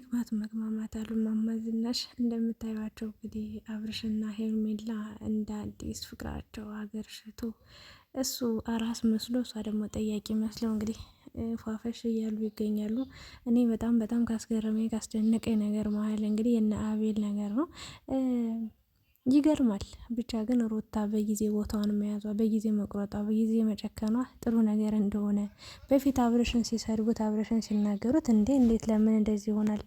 መግባት መግማማት አሉ። ማማዝናሽ እንደምታዩቸው እንግዲህ አብርሽና ሄርሜላ እንደ አዲስ ፍቅራቸው ሀገር ሽቶ እሱ አራስ መስሎ እሷ ደግሞ ጠያቂ መስለው እንግዲህ ፏፈሽ እያሉ ይገኛሉ። እኔ በጣም በጣም ካስገረመኝ ካስደነቀኝ ነገር መሀል እንግዲህ የነ አቤል ነገር ነው። ይገርማል። ብቻ ግን ሩታ በጊዜ ቦታዋን መያዟ፣ በጊዜ መቁረጧ፣ በጊዜ መጨከኗ ጥሩ ነገር እንደሆነ በፊት አብረሽን ሲሰድቡት አብረሽን ሲናገሩት እንዴ እንዴት ለምን እንደዚህ ይሆናል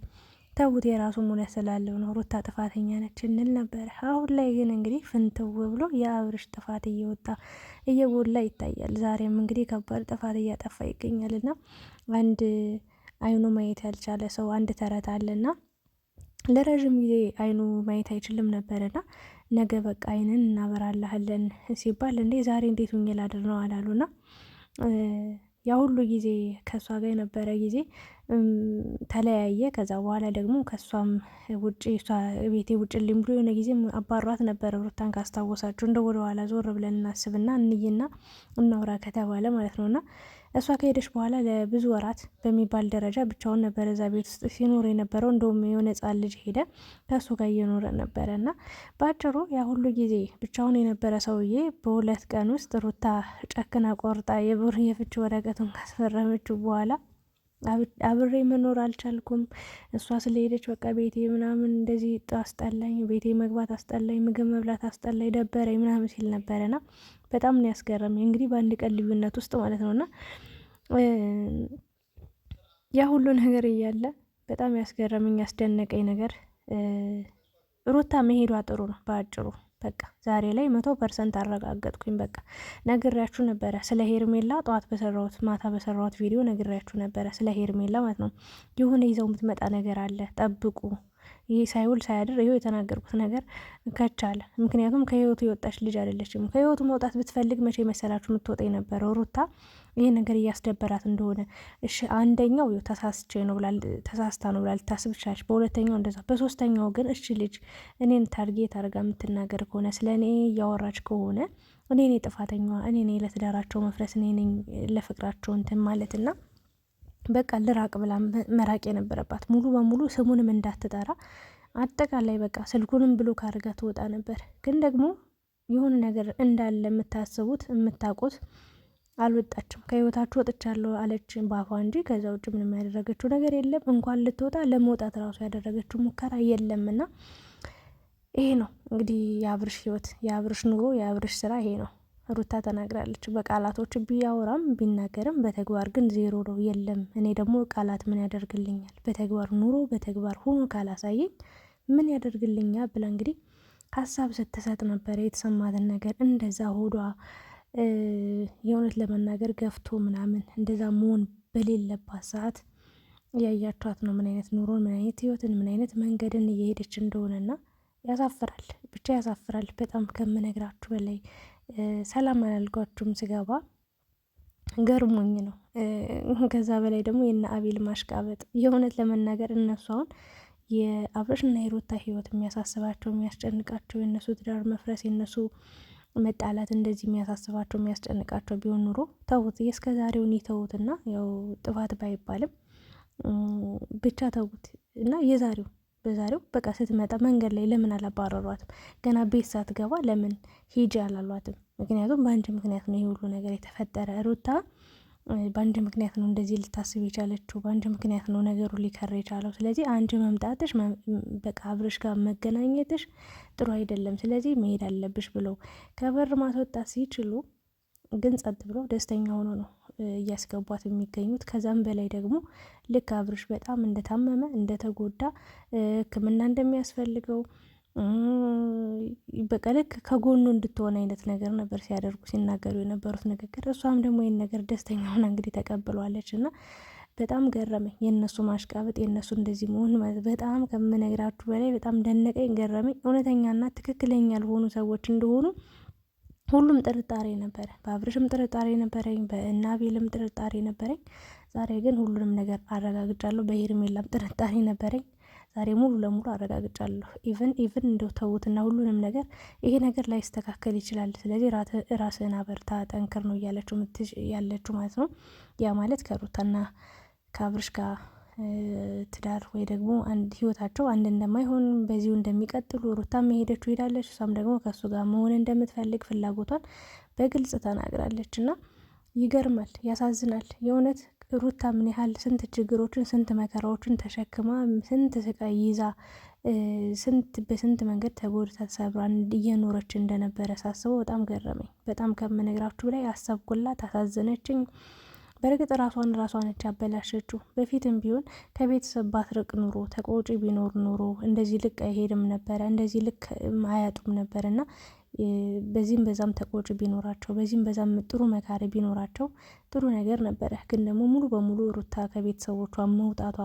ተውት የራሱ ሙያ ስላለው ነው ሩታ ጥፋተኛ ነች እንል ነበር። አሁን ላይ ግን እንግዲህ ፍንትው ብሎ የአብርሽ ጥፋት እየወጣ እየጎላ ይታያል። ዛሬም እንግዲህ ከባድ ጥፋት እያጠፋ ይገኛልና አንድ አይኑ ማየት ያልቻለ ሰው አንድ ተረት አለና ለረዥም ጊዜ አይኑ ማየት አይችልም ነበርና ነገ በቃ አይንን እናበራላሃለን ሲባል እንዴ ዛሬ እንዴት ሁኜ ላድር ነው አላሉና ያ ሁሉ ጊዜ ከእሷ ጋር የነበረ ጊዜ ተለያየ። ከዛ በኋላ ደግሞ ከእሷም ውጭ ቤቴ ውጭ ልኝ ብሎ የሆነ ጊዜ አባሯት ነበረ። ሩታን ካስታወሳችሁ እንደ ወደኋላ ዞር ብለን እናስብና እንይና እናውራ ከተባለ ማለት ነውና እሷ ከሄደች በኋላ ለብዙ ወራት በሚባል ደረጃ ብቻውን ነበረ እዛ ቤት ውስጥ ሲኖር የነበረው። እንደውም የሆነ ሕፃን ልጅ ሄደ ከእሱ ጋር እየኖረ ነበረ እና በአጭሩ ያ ሁሉ ጊዜ ብቻውን የነበረ ሰውዬ በሁለት ቀን ውስጥ ሩታ ጨክና ቆርጣ የብር የፍች ወረቀቱን ካስፈረመችው በኋላ አብሬ መኖር አልቻልኩም። እሷ ስለሄደች በቃ ቤቴ ምናምን እንደዚህ አስጠላኝ፣ ቤቴ መግባት አስጠላኝ፣ ምግብ መብላት አስጠላኝ፣ ደበረኝ ምናምን ሲል ነበረ ና በጣም ነው ያስገረመኝ። እንግዲህ በአንድ ቀን ልዩነት ውስጥ ማለት ነው ና ያ ሁሉ ነገር እያለ በጣም ያስገረመኝ ያስደነቀኝ ነገር ሩታ መሄዷ ጥሩ ነው በአጭሩ በቃ ዛሬ ላይ መቶ ፐርሰንት አረጋገጥኩኝ። በቃ ነግሬያችሁ ነበረ ስለ ሄርሜላ ጠዋት በሰራሁት ማታ በሰራሁት ቪዲዮ ነግሬያችሁ ነበረ ስለ ሄርሜላ ማለት ነው። የሆነ ይዘው የምትመጣ ነገር አለ ጠብቁ ይሄ ሳይውል ሳያድር ይሄው የተናገርኩት ነገር ከቻለ። ምክንያቱም ከህይወቱ የወጣች ልጅ አይደለችም። ከህይወቱ መውጣት ብትፈልግ መቼ መሰላችሁ የምትወጣ የነበረው? ሩታ ይሄ ነገር እያስደበራት እንደሆነ እሺ፣ አንደኛው ተሳስቼ ነው ብላል፣ ተሳስታ ነው ብላል ልታስብቻች፣ በሁለተኛው እንደዛ፣ በሶስተኛው ግን እሺ ልጅ እኔን ታርጌት አድርጋ የምትናገር ከሆነ ስለ እኔ እያወራች ከሆነ እኔ እኔ ጥፋተኛዋ እኔ እኔ ለትዳራቸው መፍረስ እኔ እኔ ለፍቅራቸው እንትን ማለትና በቃ ልራቅ ብላ መራቅ የነበረባት ሙሉ በሙሉ ስሙንም እንዳትጠራ አጠቃላይ በቃ ስልኩንም ብሎ ካርጋ ትወጣ ነበር። ግን ደግሞ የሆነ ነገር እንዳለ የምታስቡት የምታውቁት አልወጣችም። ከህይወታችሁ ወጥቻለሁ አለች ባፏ እንጂ ከዛ ውጭ ምንም ያደረገችው ነገር የለም። እንኳን ልትወጣ ለመውጣት ራሱ ያደረገችው ሙከራ የለም። ይሄ ነው እንግዲህ የአብርሽ ህይወት፣ የአብርሽ ኑሮ፣ የአብርሽ ስራ ይሄ ነው። ሩታ ተናግራለች። በቃላቶች ቢያወራም ቢናገርም በተግባር ግን ዜሮ ነው፣ የለም። እኔ ደግሞ ቃላት ምን ያደርግልኛል፣ በተግባር ኑሮ በተግባር ሆኖ ካላሳየኝ ምን ያደርግልኛ ብላ እንግዲህ ሀሳብ ስትሰጥ ነበር የተሰማትን ነገር እንደዛ ሆዷ የእውነት ለመናገር ገፍቶ ምናምን እንደዛ መሆን በሌለባት ሰዓት ያያችኋት ነው ምን አይነት ኑሮን፣ ምን አይነት ህይወትን፣ ምን አይነት መንገድን እየሄደች እንደሆነና ያሳፍራል፣ ብቻ ያሳፍራል በጣም ከምነግራችሁ በላይ ሰላም አላልኳችሁም ስገባ ገርሞኝ ነው። ከዛ በላይ ደግሞ የነ አቤል ማሽቃበጥ የእውነት ለመናገር እነሱ አሁን የአብረሽና የሮታ ህይወት የሚያሳስባቸው የሚያስጨንቃቸው የእነሱ ትዳር መፍረስ የእነሱ መጣላት እንደዚህ የሚያሳስባቸው የሚያስጨንቃቸው ቢሆን ኑሮ ተውት፣ እስከ ዛሬውን ይተውትና ያው ጥፋት ባይባልም ብቻ ተውት እና የዛሬው በዛሬው በቃ ስትመጣ መንገድ ላይ ለምን አላባረሯትም? ገና ቤት ሳትገባ ለምን ሂጂ አላሏትም? ምክንያቱም በአንድ ምክንያት ነው ይህ ሁሉ ነገር የተፈጠረ። ሩታ በአንድ ምክንያት ነው እንደዚህ ልታስብ የቻለችው፣ በአንድ ምክንያት ነው ነገሩ ሊከር የቻለው። ስለዚህ አንድ መምጣትሽ በቃ አብርሽ ጋር መገናኘትሽ ጥሩ አይደለም፣ ስለዚህ መሄድ አለብሽ ብለው ከበር ማስወጣት ሲችሉ ግን ጸጥ ብለው ደስተኛ ሆኖ ነው እያስገቧት የሚገኙት። ከዛም በላይ ደግሞ ልክ አብርሽ በጣም እንደታመመ እንደተጎዳ፣ ሕክምና እንደሚያስፈልገው በቃ ልክ ከጎኑ እንድትሆን አይነት ነገር ነበር ሲያደርጉ ሲናገሩ የነበሩት ንግግር። እሷም ደግሞ ይህን ነገር ደስተኛ ሆና እንግዲህ ተቀብለዋለች እና በጣም ገረመኝ የእነሱ ማሽቃበጥ የእነሱ እንደዚህ መሆን ማለት በጣም ከምነግራችሁ በላይ በጣም ደነቀኝ፣ ገረመኝ። እውነተኛና ትክክለኛ ያልሆኑ ሰዎች እንደሆኑ ሁሉም ጥርጣሬ ነበረ። በአብርሽም ጥርጣሬ ነበረኝ፣ በእናቤልም ጥርጣሬ ነበረኝ። ዛሬ ግን ሁሉንም ነገር አረጋግጫለሁ። በሄርሜላም ጥርጣሬ ነበረኝ። ዛሬ ሙሉ ለሙሉ አረጋግጫለሁ። ኢቨን ኢቨን እንደው ተውትና ሁሉንም ነገር ይሄ ነገር ላይስተካከል ይችላል። ስለዚህ ራስህን አበርታ፣ ጠንክር ነው እያለችው ምትሽ ያለችው ማለት ነው። ያ ማለት ከሩታና ከአብርሽ ጋር ትዳር ወይ ደግሞ አንድ ህይወታቸው አንድ እንደማይሆን በዚሁ እንደሚቀጥሉ ሩታም መሄደችው ሄዳለች። እሷም ደግሞ ከእሱ ጋር መሆን እንደምትፈልግ ፍላጎቷን በግልጽ ተናግራለች እና ይገርማል፣ ያሳዝናል። የእውነት ሩታ ምን ያህል ስንት ችግሮችን ስንት መከራዎችን ተሸክማ ስንት ስቃይ ይዛ ስንት በስንት መንገድ ተጎድታ ተሰብራ እየኖረች እንደነበረ ሳስበው በጣም ገረመኝ። በጣም ከምነግራችሁ ላይ አሰብኩላት፣ አሳዘነችኝ። በእርግጥ ራሷን ራሷን ያበላሸችው በፊትም ቢሆን ከቤተሰብ ባትርቅ ኑሮ ተቆጪ ቢኖር ኑሮ እንደዚህ ልክ አይሄድም ነበረ፣ እንደዚህ ልክ አያጡም ነበር እና በዚህም በዛም ተቆጪ ቢኖራቸው በዚህም በዛም ጥሩ መካሪ ቢኖራቸው ጥሩ ነገር ነበረ። ግን ደግሞ ሙሉ በሙሉ ሩታ ከቤተሰቦቿ መውጣቷ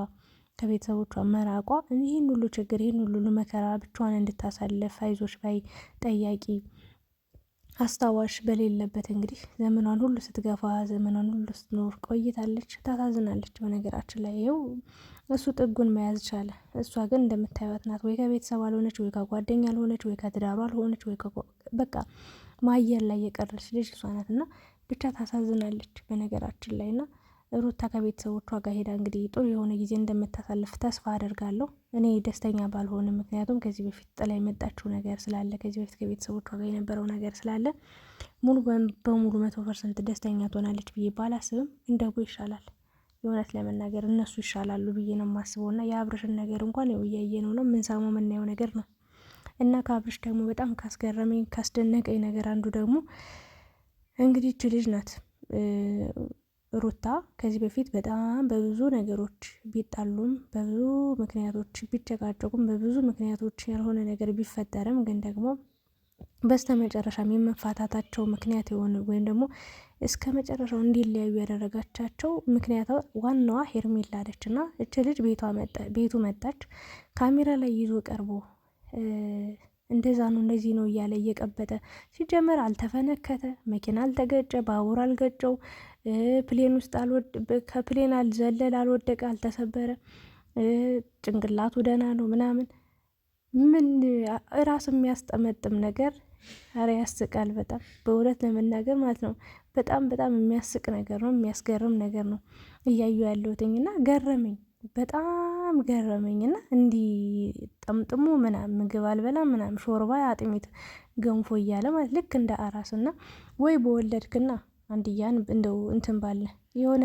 ከቤተሰቦቿ መራቋ ይህን ሁሉ ችግር ይህን ሁሉ መከራ ብቻዋን እንድታሳልፍ አይዞች ባይ ጠያቂ አስታዋሽ በሌለበት እንግዲህ ዘመኗን ሁሉ ስትገፋ ዘመኗን ሁሉ ስትኖር ቆይታለች። ታሳዝናለች። በነገራችን ላይ ይኸው እሱ ጥጉን መያዝ ቻለ። እሷ ግን እንደምታዩት ናት። ወይ ከቤተሰብ አልሆነች፣ ወይ ከጓደኛ አልሆነች፣ ወይ ከትዳሩ አልሆነች፣ ወይ በቃ ማየር ላይ የቀረች ልጅ እሷ ናት እና ብቻ ታሳዝናለች በነገራችን ላይ ና ሩታ ከቤተሰቦቿ ጋር ሄዳ እንግዲህ ጥሩ የሆነ ጊዜ እንደምታሳልፍ ተስፋ አደርጋለሁ። እኔ ደስተኛ ባልሆንም፣ ምክንያቱም ከዚህ በፊት ጥላ የመጣችው ነገር ስላለ፣ ከዚህ በፊት ከቤተሰቦቿ ጋር የነበረው ነገር ስላለ ሙሉ በሙሉ መቶ ፐርሰንት ደስተኛ ትሆናለች ብዬ ባላስብም እንደጎ ይሻላል። የእውነት ለመናገር እነሱ ይሻላሉ ብዬ ነው የማስበው እና የአብርሽን ነገር እንኳን ያው እያየ ነው የምንሰማው ምናየው ነገር ነው እና ከአብርሽ ደግሞ በጣም ካስገረመኝ ካስደነቀኝ ነገር አንዱ ደግሞ እንግዲህ እች ልጅ ናት ሩታ ከዚህ በፊት በጣም በብዙ ነገሮች ቢጣሉም በብዙ ምክንያቶች ቢጨቃጨቁም በብዙ ምክንያቶች ያልሆነ ነገር ቢፈጠርም ግን ደግሞ በስተ መጨረሻም የመፋታታቸው ምክንያት የሆነ ወይም ደግሞ እስከ መጨረሻው እንዲለያዩ ያደረጋቻቸው ምክንያት ዋናዋ ሄርሜላ አለች እና እች ልጅ ቤቱ መጣች። ካሜራ ላይ ይዞ ቀርቦ እንደዛ ነው እንደዚህ ነው እያለ እየቀበጠ ሲጀመር አልተፈነከተ፣ መኪና አልተገጨ፣ ባቡር አልገጨው፣ ፕሌን ውስጥ ከፕሌን አልዘለል አልወደቀ፣ አልተሰበረ፣ ጭንቅላቱ ደህና ነው ምናምን ምን ራስ የሚያስጠመጥም ነገር ኧረ ያስቃል። በጣም በእውነት ለመናገር ማለት ነው በጣም በጣም የሚያስቅ ነገር ነው፣ የሚያስገርም ነገር ነው እያዩ ያለሁትኝ እና ገረመኝ፣ በጣም ገረመኝ እና እንዲህ ጠምጥሞ ምናምን ምግብ አልበላ ምናምን ሾርባ አጥሚት ገንፎ እያለ ማለት ልክ እንደ አራስ እና ወይ በወለድክና አንድያን እንደው እንትን ባለ የሆነ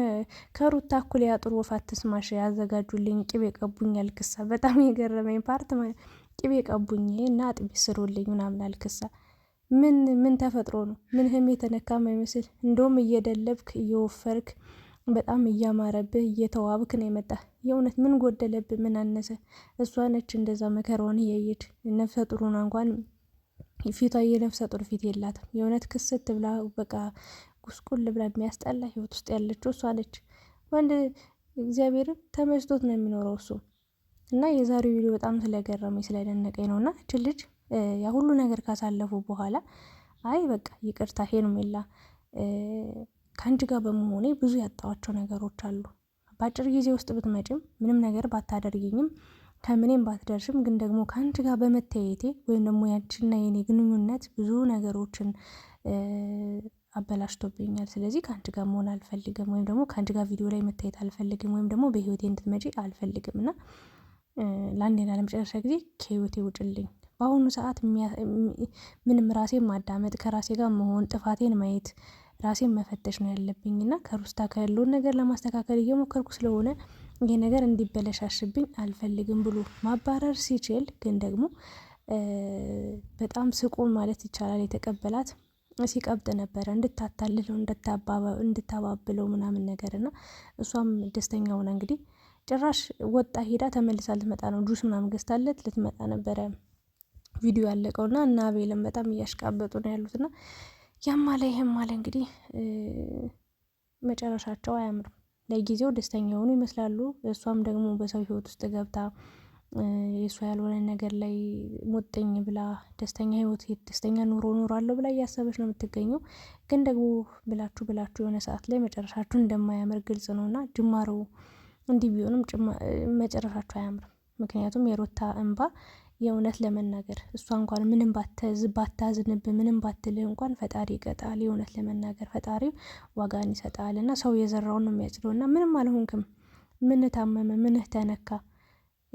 ከሩት ታኩል ያጥሩ ወፋት ትስማሽ ያዘጋጁልኝ ቅቤ ቀቡኝ አልክሳ በጣም የገረመኝ ፓርት ቅቤ ቀቡኝ እና አጥቢ ስሩልኝ ምናምን አልክሳ ምን ምን ተፈጥሮ ነው? ምንህም የተነካ ማይመስል እንደውም እየደለብክ እየወፈርክ በጣም እያማረብህ እየተዋብክ ነው የመጣ። የእውነት ምን ጎደለብህ? ምን አነሰ? እሷ ነች እንደዛ መከራውን እያየች ነፍሰ ጡሩና እንኳን ፊቷ የነፍሰ ጡር ፊት የላትም። የእውነት ክስት ብላ በቃ ጉስቁል ብላ የሚያስጠላ ህይወት ውስጥ ያለችው እሷ አለች። ወንድ እግዚአብሔርን ተመችቶት ነው የሚኖረው እሱ እና የዛሬው ቪዲዮ በጣም ስለገረመኝ ስለደነቀኝ ነው እና እች ልጅ ያ ሁሉ ነገር ካሳለፉ በኋላ አይ በቃ ይቅርታ ሜላ ከአንቺ ጋር በመሆኔ ብዙ ያጣዋቸው ነገሮች አሉ። በአጭር ጊዜ ውስጥ ብትመጪም ምንም ነገር ባታደርግኝም ከምኔም ባትደርሽም ግን ደግሞ ከአንቺ ጋር በመተያየቴ ወይም ደግሞ ያንቺና የኔ ግንኙነት ብዙ ነገሮችን አበላሽቶብኛል፣ ስለዚህ ከአንድ ጋር መሆን አልፈልግም፣ ወይም ደግሞ ከአንድ ጋር ቪዲዮ ላይ መታየት አልፈልግም፣ ወይም ደግሞ በህይወቴ እንድትመጪ አልፈልግም እና ለአንዴና ለመጨረሻ ጊዜ ከህይወቴ ውጭልኝ። በአሁኑ ሰዓት ምንም ራሴን ማዳመጥ፣ ከራሴ ጋር መሆን፣ ጥፋቴን ማየት፣ ራሴን መፈተሽ ነው ያለብኝ እና ከሩስታ ከያለውን ነገር ለማስተካከል እየሞከርኩ ስለሆነ ይሄ ነገር እንዲበለሻሽብኝ አልፈልግም ብሎ ማባረር ሲችል ግን ደግሞ በጣም ስቆ ማለት ይቻላል የተቀበላት ሲቀብጥ ነበረ እንድታታልለው እንድታባብለው ምናምን ነገር እና እሷም ደስተኛ ሆና እንግዲህ ጭራሽ ወጣ ሄዳ ተመልሳ ልትመጣ ነው። ጁስ ምናምን ገዝታለት ልትመጣ ነበረ ቪዲዮ ያለቀው እና እና አቤልም በጣም እያሽቃበጡ ነው ያሉት እና ያም አለ ይህም አለ እንግዲህ መጨረሻቸው አያምርም። ለጊዜው ደስተኛ የሆኑ ይመስላሉ። እሷም ደግሞ በሰው ህይወት ውስጥ ገብታ የእሷ ያልሆነ ነገር ላይ ሙጥኝ ብላ ደስተኛ ህይወት ደስተኛ ኑሮ ኖራለሁ ብላ እያሰበች ነው የምትገኘው። ግን ደግሞ ብላችሁ ብላችሁ የሆነ ሰዓት ላይ መጨረሻችሁ እንደማያምር ግልጽ ነው እና ጅማሮ እንዲህ ቢሆንም መጨረሻችሁ አያምርም። ምክንያቱም የሮታ እንባ የእውነት ለመናገር እሷ እንኳን ምንም ባታዝንብ ምንም ባትልህ እንኳን ፈጣሪ ይቀጣል። የእውነት ለመናገር ፈጣሪ ዋጋን ይሰጣል እና ሰው የዘራውን ነው የሚያጭደው እና ምንም አልሆንክም፣ ምንህ ታመመ፣ ምንህ ተነካ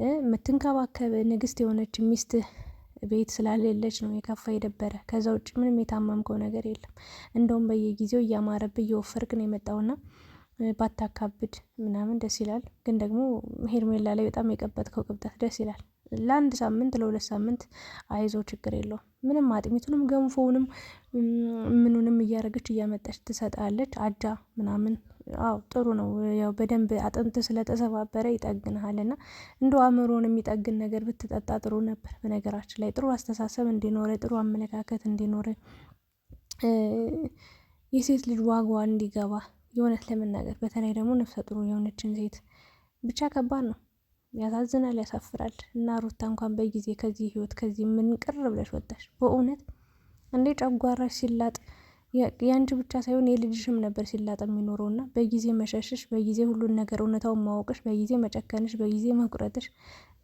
የምትንከባከብ ንግስት የሆነች ሚስት ቤት ስላልሌለች ነው የከፋ የደበረ። ከዛ ውጭ ምንም የታመምከው ነገር የለም። እንደውም በየጊዜው እያማረብ እየወፈርክ ነው የመጣውና ባታካብድ ምናምን ደስ ይላል። ግን ደግሞ ሄርሜላ ላይ በጣም የቀበጥከው ቅብጠት ደስ ይላል። ለአንድ ሳምንት ለሁለት ሳምንት አይዞ ችግር የለውም ምንም አጥሚቱንም ገንፎውንም ምኑንም እያደረገች እያመጣች ትሰጣለች። አጃ ምናምን አው ጥሩ ነው። ያው በደንብ አጥንት ስለተሰባበረ ይጠግንሃል እና እንደ አእምሮን የሚጠግን ነገር ብትጠጣ ጥሩ ነበር። በነገራችን ላይ ጥሩ አስተሳሰብ እንዲኖረ ጥሩ አመለካከት እንዲኖረ የሴት ልጅ ዋጋዋ እንዲገባ የእውነት ለመናገር በተለይ ደግሞ ነፍሰ ጡር የሆነችን ሴት ብቻ ከባድ ነው፣ ያሳዝናል፣ ያሳፍራል። እና ሩታ እንኳን በጊዜ ከዚህ ህይወት ከዚህ ምን ቅር ብለሽ ወጣሽ። በእውነት እንዴ ጨጓራሽ ሲላጥ የአንቺ ብቻ ሳይሆን የልጅሽም ነበር ሲላጥ የሚኖረው እና በጊዜ መሸሽሽ፣ በጊዜ ሁሉን ነገር እውነታውን ማወቅሽ፣ በጊዜ መጨከንሽ፣ በጊዜ መቁረጥሽ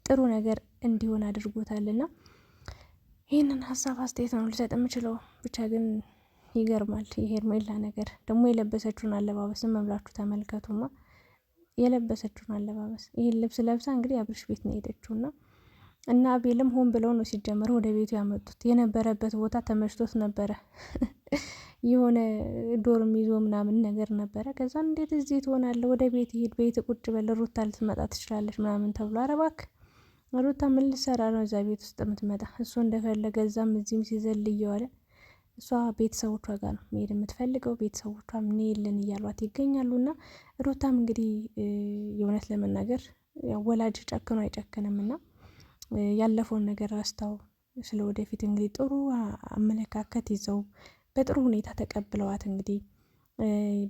ጥሩ ነገር እንዲሆን አድርጎታልና ይህንን ሀሳብ አስተያየት ነው ልሰጥ የምችለው ብቻ ግን ይገርማል። የሄርሜላ ነገር ደግሞ የለበሰችውን አለባበስን መብላችሁ ተመልከቱማ። የለበሰችውን አለባበስ ይህን ልብስ ለብሳ እንግዲህ አብርሽ ቤት ነው የሄደችው ና እና አቤልም ሆን ብለው ነው ሲጀመር ወደ ቤቱ ያመጡት። የነበረበት ቦታ ተመችቶት ነበረ። የሆነ ዶርም ይዞ ምናምን ነገር ነበረ። ከዛ እንዴት እዚህ ትሆናለህ? ወደ ቤት ሂድ፣ ቤት ቁጭ በል፣ ሩታ ልትመጣ ትችላለች ምናምን ተብሎ ኧረ እባክህ ሩታ ምን ልትሰራ ነው እዛ ቤት ውስጥ የምትመጣ? እሱ እንደፈለገ እዛም እዚህም ሲዘል እየዋለ እሷ ቤተሰቦቿ ጋር ነው መሄድ የምትፈልገው። ቤተሰቦቿም የለን እያሏት ይገኛሉ። እና ሩታም እንግዲህ የእውነት ለመናገር ወላጅ ጨክኖ አይጨክንም እና ያለፈውን ነገር ረስተው ስለ ወደፊት እንግዲህ ጥሩ አመለካከት ይዘው በጥሩ ሁኔታ ተቀብለዋት እንግዲህ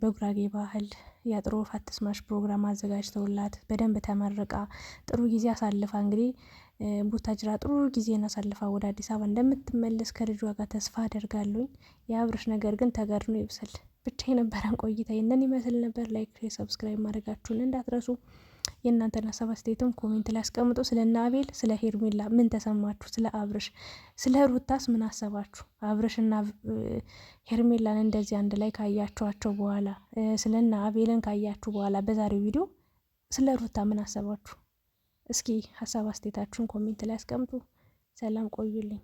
በጉራጌ ባህል የአጥሮ ፋትስማሽ ፕሮግራም አዘጋጅተውላት በደንብ ተመርቃ ጥሩ ጊዜ አሳልፋ እንግዲህ ቡታጅራ ጥሩ ጊዜን አሳልፋ ወደ አዲስ አበባ እንደምትመለስ ከልጇ ጋር ተስፋ አደርጋለሁኝ። የአብርሽ ነገር ግን ተጋድኖ ይብሰል። ብቻ የነበረን ቆይታ ይህንን ይመስል ነበር። ላይክ፣ ሰብስክራይብ ማድረጋችሁን እንዳትረሱ። የእናንተን ሀሳብ አስተያየትም ኮሜንት ላይ አስቀምጡ። ስለ ናቤል፣ ስለ ሄርሜላ ምን ተሰማችሁ? ስለ አብርሽ፣ ስለ ሩታስ ምን አሰባችሁ? አብርሽ እና ሄርሜላን እንደዚህ አንድ ላይ ካያችኋቸው በኋላ ስለ ናቤልን ካያችሁ በኋላ በዛሬው ቪዲዮ ስለ ሩታ ምን አሰባችሁ? እስኪ ሀሳብ አስተያየታችሁን ኮሜንት ላይ አስቀምጡ። ሰላም ቆዩልኝ።